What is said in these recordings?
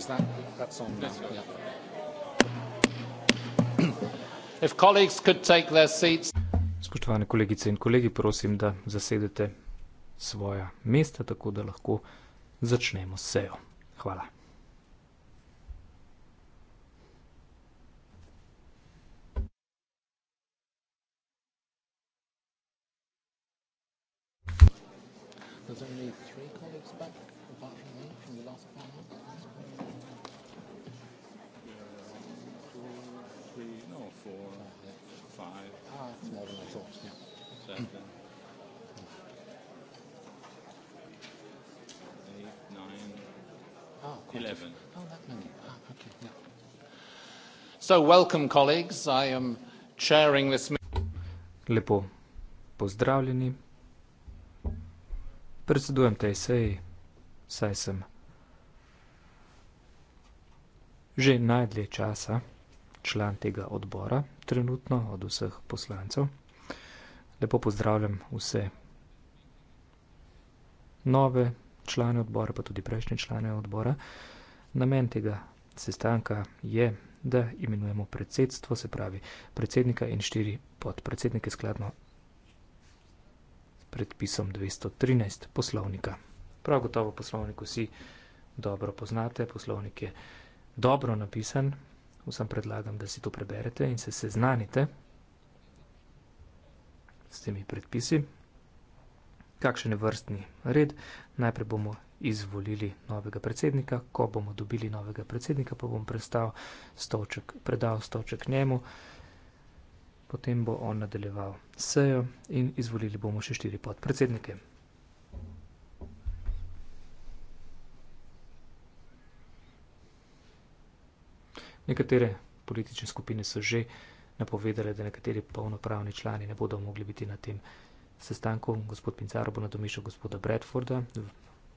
Is that that's on now? Yes, yeah. If colleagues could take their seats. Spoštovane kolegice in kolegi, prosim, da zasedete svoja mesta, tako da lahko začnemo sejo. Hvala. there's only three colleagues back, apart from me, from the last panel. Yeah, four, three, no, four, uh, yeah. five. Ah, that's more than I thought, yeah. Seven. Mm. Eight, nine, ah, eleven. Oh, that many. Ah, okay, yeah. So, welcome, colleagues. I am chairing this meeting. Lepo pozdravljeni, predsedujem tej seji, saj sem že najdlje časa član tega odbora, trenutno od vseh poslancev. Lepo pozdravljam vse nove člane odbora, pa tudi prejšnje člane odbora. Namen tega sestanka je, da imenujemo predsedstvo, se pravi predsednika in štiri podpredsednike skladno predpisom 213 poslovnika. Prav gotovo poslovnik vsi dobro poznate, poslovnik je dobro napisan, vsem predlagam, da si to preberete in se seznanite s temi predpisi. Kakšen je vrstni red? Najprej bomo izvolili novega predsednika, ko bomo dobili novega predsednika, pa bom predstav stoček, predal stoček njemu potem bo on nadaljeval sejo in izvolili bomo še štiri podpredsednike. Nekatere politične skupine so že napovedale, da nekateri polnopravni člani ne bodo mogli biti na tem sestanku. Gospod Pincaro bo nadomišal gospoda Bradforda v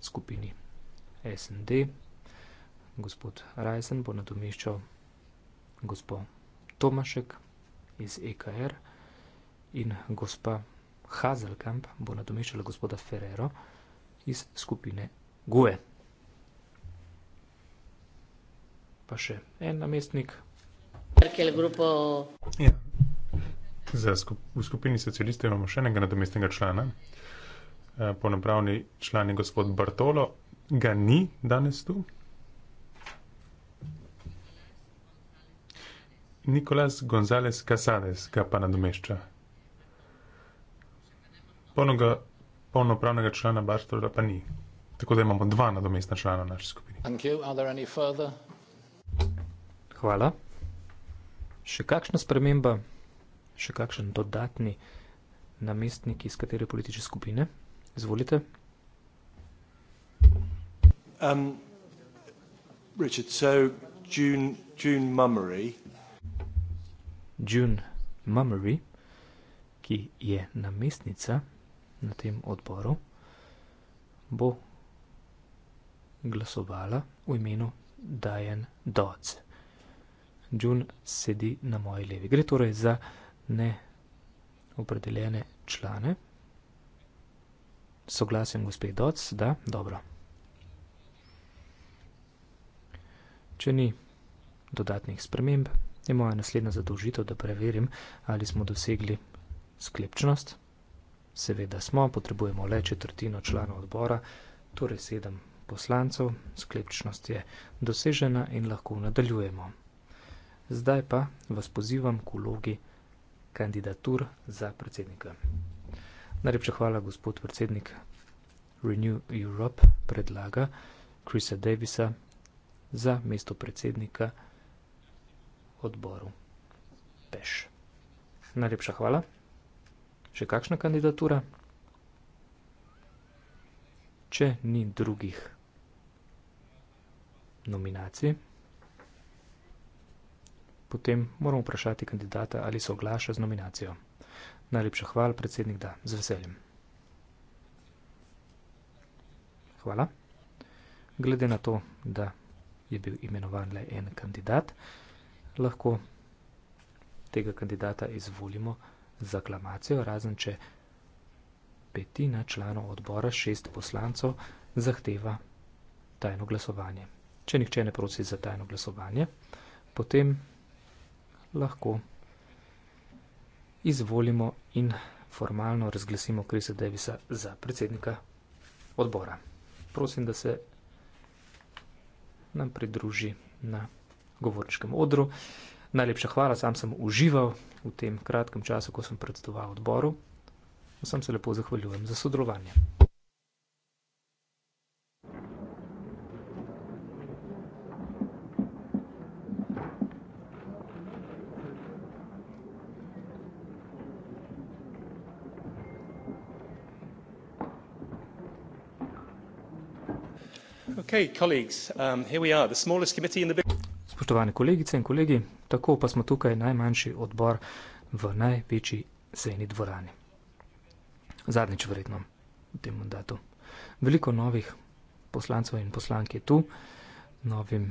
skupini SND. Gospod Rajsen bo nadomišal gospod Tomašek iz EKR in gospa Hazelkamp bo nadomešala gospoda Ferrero iz skupine GUE. Pa še en namestnik. Ja. Za skup v skupini socialistov imamo še enega nadomestnega člana. Uh, eh, Ponopravni član je gospod Bartolo, ga ni danes tu. Nicolas González Casares, ki pa nadomešča. Polnoga, polnopravnega člana Barstora pa ni. Tako da imamo dva nadomestna člana v naši skupini. Hvala. Še kakšna sprememba, še kakšen dodatni namestnik iz katere politične skupine? Izvolite. Um, Richard, so June, June Mummery. June Mummery, ki je namestnica na tem odboru, bo glasovala v imenu Diane Dodds. June sedi na moji levi. Gre torej za neopredeljene člane. Soglasim gospe Dodds, da, dobro. Če ni dodatnih sprememb, je moja naslednja zadolžitev, da preverim, ali smo dosegli sklepčnost. Seveda smo, potrebujemo le četrtino članov odbora, torej sedem poslancev, sklepčnost je dosežena in lahko nadaljujemo. Zdaj pa vas pozivam k ulogi kandidatur za predsednika. Najlepša hvala, gospod predsednik. Renew Europe predlaga Krisa Davisa za mesto predsednika odboru PEŠ. Najlepša hvala. Še kakšna kandidatura? Če ni drugih nominacij, potem moramo vprašati kandidata, ali se oglaša z nominacijo. Najlepša hvala, predsednik, da, z veseljem. Hvala. Glede na to, da je bil imenovan le en kandidat, lahko tega kandidata izvolimo z aklamacijo, razen če petina članov odbora, šest poslancov, zahteva tajno glasovanje. Če nihče ne prosi za tajno glasovanje, potem lahko izvolimo in formalno razglasimo Krisa Davisa za predsednika odbora. Prosim, da se nam pridruži na govorniškem odru. Najlepša hvala, sam sem užival v tem kratkem času, ko sem predstavljal odboru. Vsem se lepo zahvaljujem za sodelovanje. Okay, colleagues, um, here we are, the smallest committee in the big spoštovane kolegice in kolegi, tako pa smo tukaj najmanjši odbor v največji sejni dvorani. Zadnjič vredno v tem mandatu. Veliko novih poslancev in poslank je tu. Novim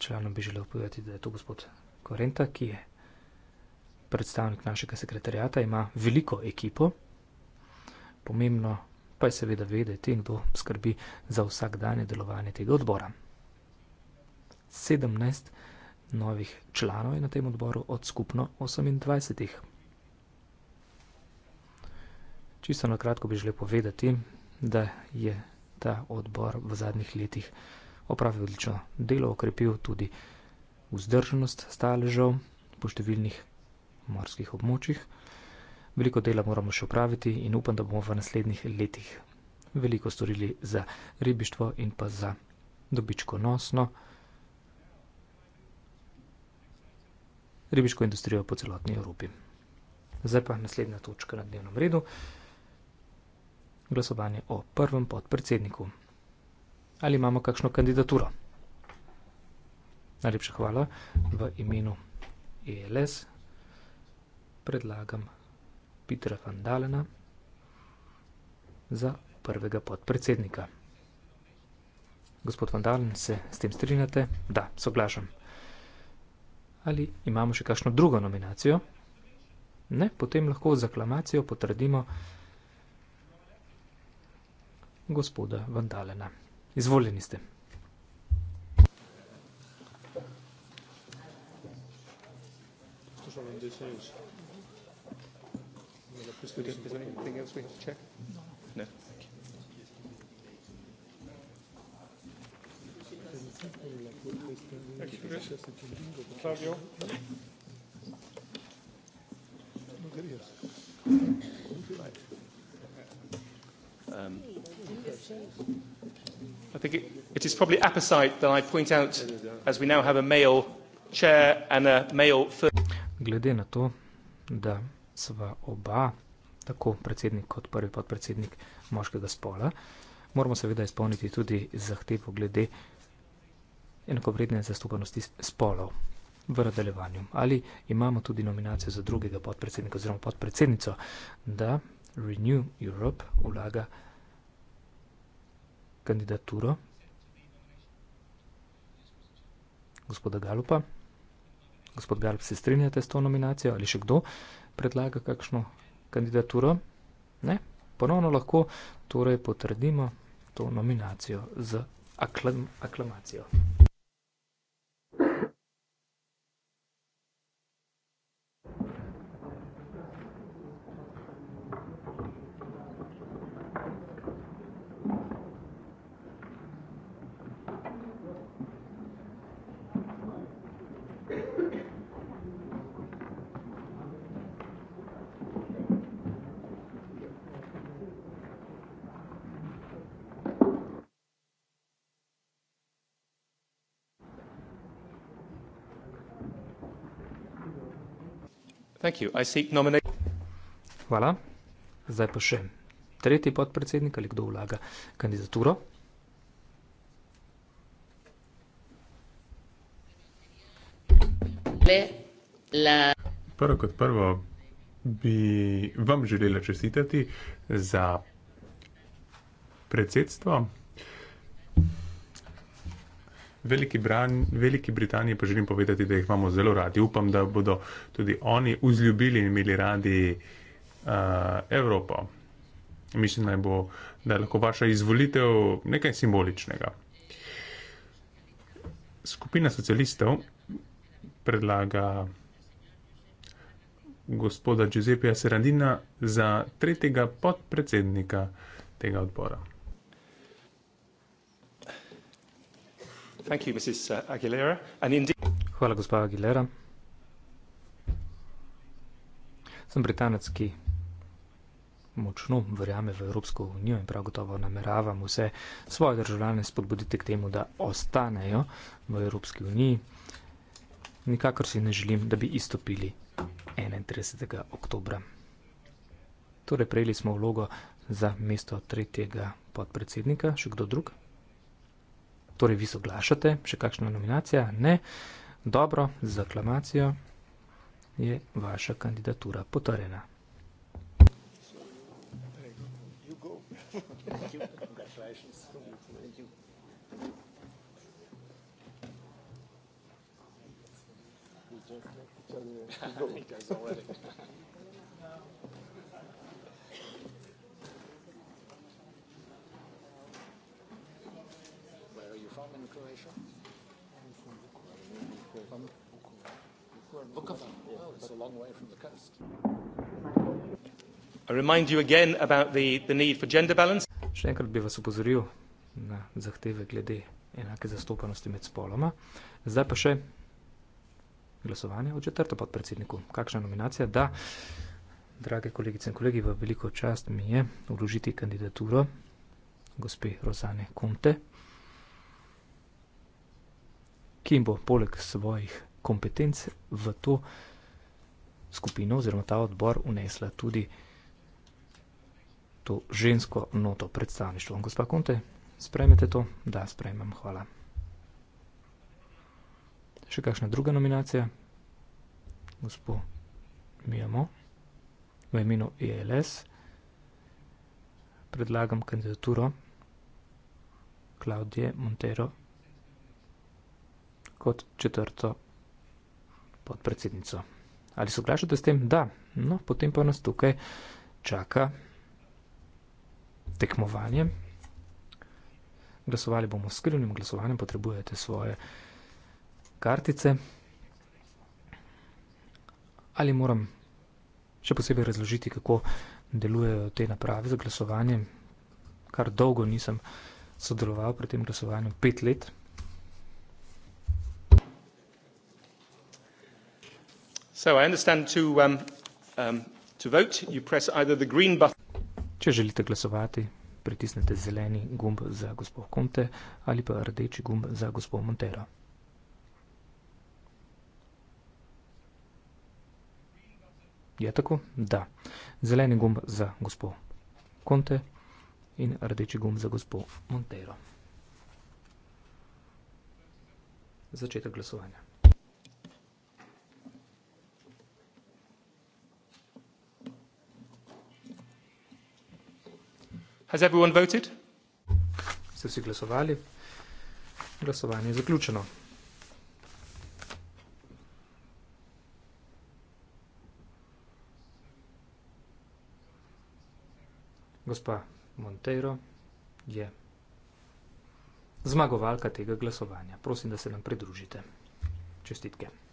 članom bi želel povedati, da je to gospod Korenta, ki je predstavnik našega sekretarjata, ima veliko ekipo. Pomembno pa je seveda vedeti, kdo skrbi za vsakdanje delovanje tega odbora. 17 novih članov je na tem odboru od skupno 28. Čisto na kratko bi želel povedati, da je ta odbor v zadnjih letih opravil odlično delo, okrepil tudi vzdržnost staležev po številnih morskih območjih. Veliko dela moramo še upraviti in upam, da bomo v naslednjih letih veliko storili za ribištvo in pa za dobičkonosno. ribiško industrijo po celotni Evropi. Zdaj pa naslednja točka na dnevnem redu. Glasovanje o prvem podpredsedniku. Ali imamo kakšno kandidaturo? Najlepša hvala v imenu ELS. Predlagam Petra Fandalena za prvega podpredsednika. Gospod Vandalen, se s tem strinjate? Da, soglašam ali imamo še kakšno drugo nominacijo, ne, potem lahko z aklamacijo potrdimo gospoda Vandalena. Izvoljeni ste. Ne. I think it, it is probably apposite that I point out, as we now have a male chair and a male first. Glede na to, da sva oba, tako predsednik kot prvi podpredsednik moškega spola, moramo seveda izpolniti tudi zahtevo glede enakovredne zastopanosti spolov. V nadaljevanju. Ali imamo tudi nominacijo za drugega podpredsednika oziroma podpredsednico, da Renew Europe vlaga kandidaturo gospoda Galupa? Gospod Galup, se strinjate s to nominacijo ali še kdo predlaga kakšno kandidaturo? Ne? Ponovno lahko torej potrdimo to nominacijo z aklam aklamacijo. Hvala. Zdaj pa še tretji podpredsednik ali kdo vlaga kandidaturo. Prvo kot prvo bi vam želela čestitati za predsedstvo. Veliki, Bran, Veliki Britaniji pa želim povedati, da jih imamo zelo radi. Upam, da bodo tudi oni vzljubili in imeli radi uh, Evropo. Mislim, da, bo, da je lahko vaša izvolitev nekaj simboličnega. Skupina socialistov predlaga gospoda Giuseppeja Serandina za tretjega podpredsednika tega odbora. Uh, Hvala, gospa Aguilera. Sem Britanec, ki močno verjame v Evropsko unijo in prav gotovo nameravam vse svoje državljane spodbuditi k temu, da ostanejo v Evropski uniji. Nikakor si ne želim, da bi izstopili 31. oktobra. Torej, prejeli smo vlogo za mesto tretjega podpredsednika, še kdo drug? Torej, vi soglašate, še kakšna nominacija? Ne. Dobro, z aklamacijo je vaša kandidatura potrjena. Thank you. Še enkrat bi vas opozoril na zahteve glede enake zastopanosti med spoloma. Zdaj pa še glasovanje o četrto podpredsedniku. Kakšna nominacija? Da, drage kolegice in kolegi, v veliko čast mi je vložiti kandidaturo gospe Rozane Konte ki jim bo poleg svojih kompetenc v to skupino oziroma ta odbor unesla tudi to žensko noto predstavništva. Gospa Konte, sprejmete to? Da, sprejmem, hvala. Še kakšna druga nominacija? Gospo Mijamo, v imenu ELS, predlagam kandidaturo Klaudije Montero kot četrto podpredsednico. Ali soglašate s tem? Da. No, potem pa nas tukaj čaka tekmovanje. Glasovali bomo s skrivnim glasovanjem, potrebujete svoje kartice. Ali moram še posebej razložiti, kako delujejo te naprave za glasovanje, kar dolgo nisem sodeloval pri tem glasovanju, pet let. Um, um, Če želite glasovati, pritisnite zeleni gumb za gospo Conte ali pa rdeči gumb za gospo Montero. Je tako? Da. Zeleni gumb za gospo Conte in rdeči gumb za gospo Montero. Začetek glasovanja. Has everyone voted? Ste vsi glasovali? Glasovanje je zaključeno. Gospa Monteiro je zmagovalka tega glasovanja. Prosim, da se nam pridružite. Čestitke.